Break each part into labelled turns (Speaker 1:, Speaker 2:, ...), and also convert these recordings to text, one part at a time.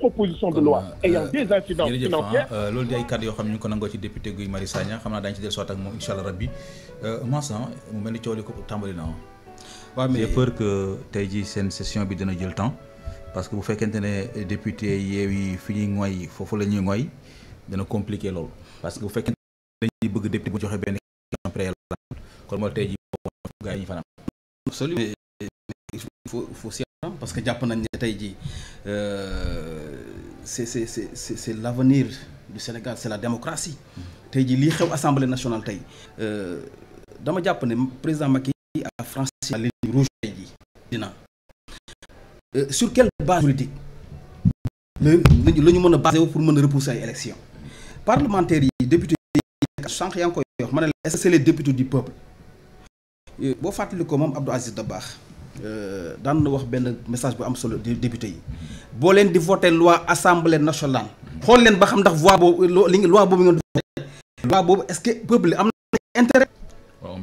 Speaker 1: proposition de loi ayant euh, des
Speaker 2: incidences financières euh, loolu di ay kàddu yoo xam ne ñu ngi ko député Guy Marius Sagna xam naa daañu ci dellusiwaat ak moom incha rabbi euh, Mansan mu mel ko tàmbali na peur que tey jii seen session bi dana jël temps parce que bu fekkente ne député Yewwi fi ñuy ngoy foofu la ñuy ngoy dana compliqué loolu parce que bu fekkente ne
Speaker 1: dañuy bëgg député bu joxe benn question préalable kon mooy tey jii gaa yi ñu fanaan absolument il parce que jàpp nañ ne tey jii euh, c'est c'est c'est c'est l'avenir du Sénégal c'est la démocratie tey jii lii xew assemblée nationale tey euh, dama jàpp ne président Macky a franchi la ligne rouge tey jii dina euh, sur quelle base politique la ñu mën a basé pour mën a repousser ay élection parlementaires yi député yi sànq yaa ngi koy wax ma ne la est-ce que c'est du peuple boo fàttali ko moom Abdou Aziz baax Euh, daanu na wax benn message bu am solo député yi boo leen di voté loi assemblée nationale xool leen ba xam ndax voix boobu loi boobu ngeen di loi boobu est-ce que peuple am na intérêt waaw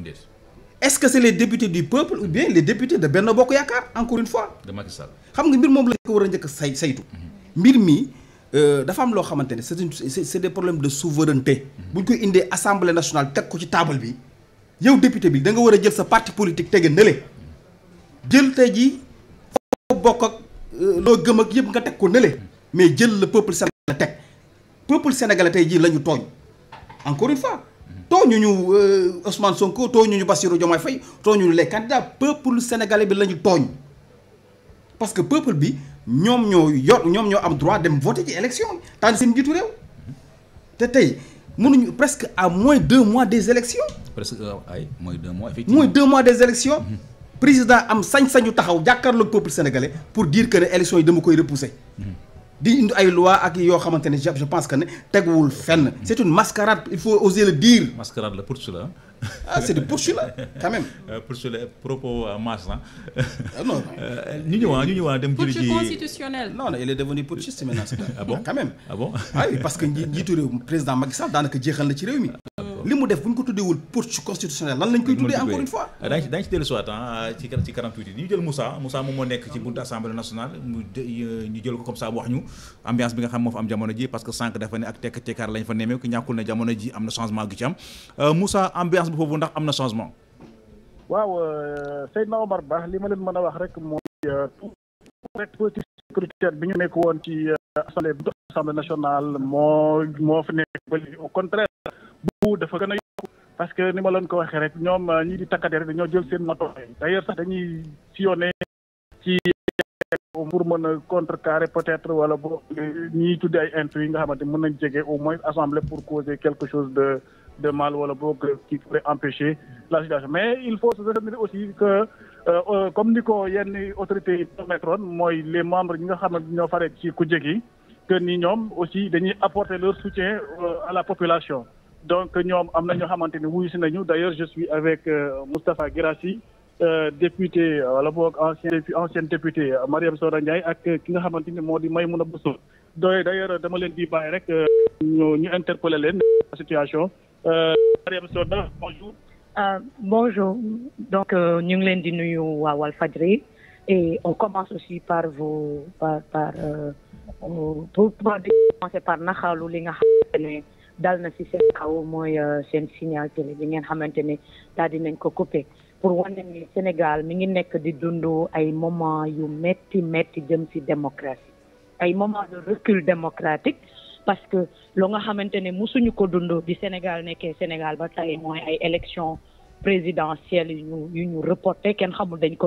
Speaker 1: est-ce que c'est les députés du peuple ou bien les députés de Bokk Yaakaar encore une fois de Macky Sall xam nga mbir moom la ko war a njëkk say saytu mhm. mbir mi euh, dafa am loo xamante ne c'est une c'est des problèmes de souveraineté mhm. bu ñu koy indee assemblée nationale teg ko ci taabal bi yow député bi da nga war a jël sa parti politique tege nële jël tey ji foo bokk ak euh, loo gëm ak yëpp nga teg ko nële mais jël la peuple sénégalais teg peuple sénégalais tey jii lañu ñu tooñ encore une fois tooñu ñu euh, Ousmane Sonko tooñu ñu Bassirou Diomaye Faye tooñu ñu les candidats peuple sénégalais bi la ñu tooñ parce que peuple bi ñoom ñoo yor ñoom ñoo am droit dem voter ci élection yi tànn seen jiitu réew te tey mënuñu presque à moins deux mois des élections.
Speaker 2: presque euh, ay moins deux mois effectivement. moins deux
Speaker 1: mois des élections. Mm-hmm. président am sañ-sañu taxaw jàkkaarloog peuple sénégalais pour dire que ne élection yi dama koy repousser. di indi ay loi ak yoo xamante ne je pense que ne teguwul fenn. c'est une mascarade il faut oser le dire.
Speaker 2: mascarade la poursuite
Speaker 1: ah c'est du poursuite quand même.
Speaker 2: Euh, poursuite propos masse
Speaker 1: ah. non euh, ñu ñëwaat ñu ñëwaat dem. jëli ji poursuite
Speaker 3: constitutionnelle. non non
Speaker 1: il est devenu putschiste maintenant. ah bon quand ah ah parce que njiitu réew président Macky Sall daanaka jeexal na ci réew mi. Ah, li mu def bu ñu ko tuddewul putsch constitutionnel lan lañ koy tuddee encore une fois daañ
Speaker 2: ci ci dellu soit ah, ci ci 48 yi ñu jël Moussa Moussa moom moo nekk ci buntu assemblée nationale mu euh, ambiance bi nga xam moo fa am jamono ji parce que sànq dafa ne ak tekk tekkaar lañ fa nemmeeku ñàkkul ne jamono ji am na changement ci am euh, Moussa ambiance bi foofu ndax am na
Speaker 3: euh, Ba li ma leen mën a wax rek mooy rek politique bi ñu nekk woon ci assemblée assemblée nationale moo moo fi nekk bu dafa gën a yokk parce que ni ma leen ko waxee rek ñoom euh, ñii di takk der dañoo jël seen matuwaay d'ailleurs sax dañuy sillonné ci pour mën a contrecarrer peut-être wala boo ñiy tuddee ay intrus yi nga xamante mën nañ jege au moins assemblée pour causer quelque chose de mal wala boo qui pourrait empêcher la situation mais il faut se retenir aussi que euh, euh, comme ni ko yenn autorités yi mooy les membres ñi nga xam ñoo fare ci ku jegi que ñoom aussi dañuy apporter leur soutien à la population donc ñoom am na ñoo xamante ni wuyu si nañu d' ailleurs je suis avec euh, Moustapha Guirassi euh, député euh, wala boog ancien ancienne député Mariam Soda Ndiaye ak ki nga xamante ni moo di a Bousso doy d' ailleurs dama leen di bàyyi rek ñu ñu interpeller leen situation Mariam Soda bonjour Euh, bonjour. Donc, ñu leen di nuyu sommes à Walfadri et on commence aussi par vous, par, par, euh, pour, pour, pour commencer par dal na si seen kaw mooy euh, seen signal télé bi ngeen xamante ne daal nañ ko coupé pour wane ni Sénégal mi ngi nekk di dund ay moment yu metti metti jëm si démocratie ay moment de recul démocratique parce que loo nga xamante ne musuñu ko dund bi Sénégal nekkee Sénégal ba tey mooy ay élection présidentielle yu ñu reporté kenn xamul dañ ko